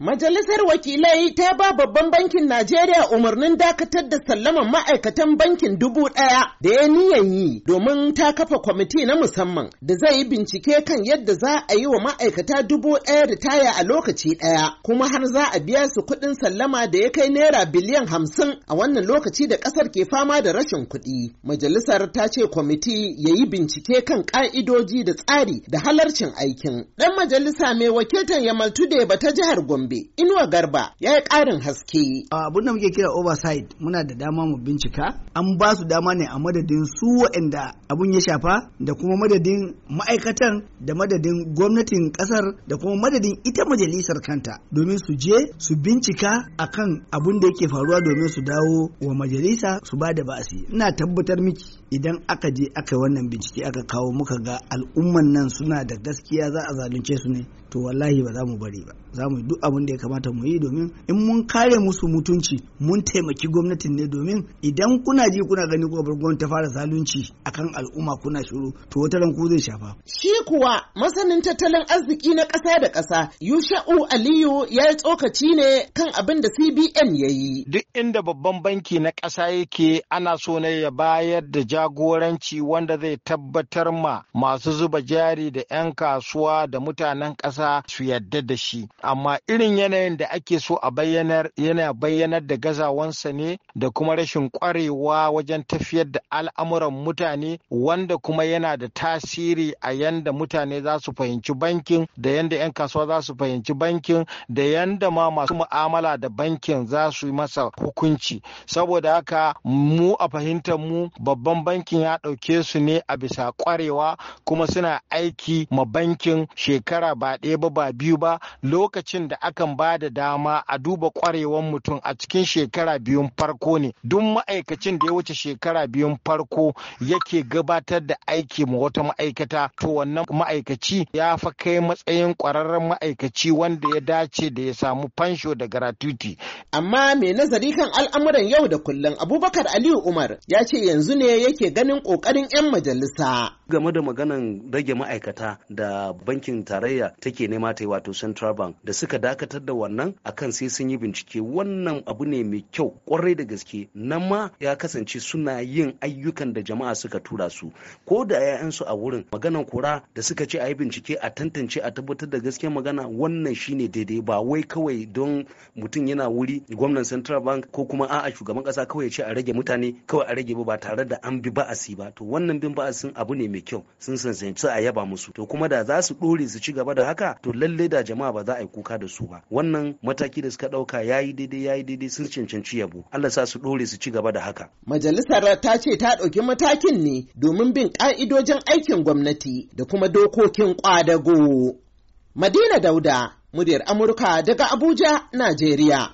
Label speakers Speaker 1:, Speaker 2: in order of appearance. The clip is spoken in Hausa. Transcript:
Speaker 1: Majalisar Wakilai ta ba babban bankin Najeriya umarnin dakatar da sallaman ma'aikatan bankin dubu ɗaya da ya niyan yi domin ta kafa kwamiti na musamman da zai yi bincike kan yadda za a yi wa ma'aikata dubu ɗaya da taya a lokaci ɗaya kuma har za a biya su kuɗin sallama da ya kai naira biliyan hamsin a wannan lokaci da ƙasar ke fama da rashin kuɗi. Majalisar ta ce kwamiti ya yi bincike kan ƙa'idoji da tsari da halarcin aikin. Ɗan majalisa mai wakiltar Yamaltude ba ta jihar Gombe.
Speaker 2: Gombe Inuwa Garba ya yi ƙarin haske. Abin da muke kira oversight muna da dama mu bincika an ba su dama ne a madadin su waɗanda abun ya shafa da kuma madadin ma'aikatan da madadin gwamnatin ƙasar da kuma madadin ita majalisar kanta domin su je su bincika a kan abun da yake faruwa domin su dawo wa majalisa su ba da ba'asi ina tabbatar miki idan aka je aka wannan bincike aka kawo muka ga al'umman nan suna da gaskiya za a zalunce su ne to wallahi ba za mu bari ba za mu duk abin da ya kamata mu yi domin in mun kare musu mutunci mun taimaki gwamnatin ne domin idan kuna ji kuna gani ko gwamnati ta fara zalunci akan al'umma kuna shiru to wata ku zai shafa. Shi
Speaker 1: kuwa masanin tattalin arziki na ƙasa da ƙasa Yusha'u Aliyu ya yi tsokaci ne kan abin da CBN ya yi. Duk inda babban banki na ƙasa yake
Speaker 3: ana so ne ya bayar da jagoranci wanda zai tabbatar ma masu zuba jari da 'yan kasuwa da mutanen ƙasa su yarda da shi. Amma irin irin yanayin da ake so a bayyanar yana bayyanar da gazawansa ne da kuma rashin kwarewa wajen tafiyar da al'amuran mutane wanda kuma yana da tasiri a yanda mutane za su fahimci bankin da yanda 'yan kasuwa za su fahimci bankin da yanda ma masu mu'amala da bankin za su masa hukunci saboda haka mu a fahimtar mu babban bankin ya ɗauke su ne a bisa kwarewa kuma suna aiki ma bankin shekara ba ɗaya ba ba biyu ba lokacin da aka akan ba da dama a duba kwarewan mutum a cikin shekara biyun farko ne duk ma'aikacin da ya wuce shekara biyun farko yake gabatar da aiki ma wata ma'aikata to wannan ma'aikaci ya fa kai matsayin kwararren ma'aikaci wanda ya dace da ya
Speaker 1: samu fansho da gratuity amma mai nazari kan al'amuran yau da kullum abubakar
Speaker 4: aliyu umar ya ce yanzu ne yake ganin ƙoƙarin 'yan majalisa game da maganan rage ma'aikata da bankin tarayya take nema ta yi wato central bank da suka dakatar da wannan akan sai sun yi bincike wannan abu ne mai kyau kwarai da gaske nan ma ya kasance suna yin ayyukan da jama'a suka tura su ko da 'ya'yansu a wurin maganan kura da suka ce a yi bincike a tantance a tabbatar da gaske magana wannan shine daidai ba wai kawai don mutum yana wuri gwamnan central bank ko kuma a'a shugaban kasa kawai ya ce a rage mutane kawai a rage ba tare da an bi ba'asi ba to wannan bin ba'asin abu ne mai kyau sun sansanci a yaba musu to kuma da za su dore su ci gaba da haka to lalle da jama'a ba za a yi kuka da su ba wannan mataki da suka dauka yayi daidai yayi daidai sun cancanci yabo Allah sa su dore su ci gaba da haka
Speaker 1: majalisar ta ce ta dauki matakin ne domin bin ka'idojin aikin gwamnati da kuma dokokin kwadago Madina Dauda, muryar Amurka daga Abuja, Najeriya.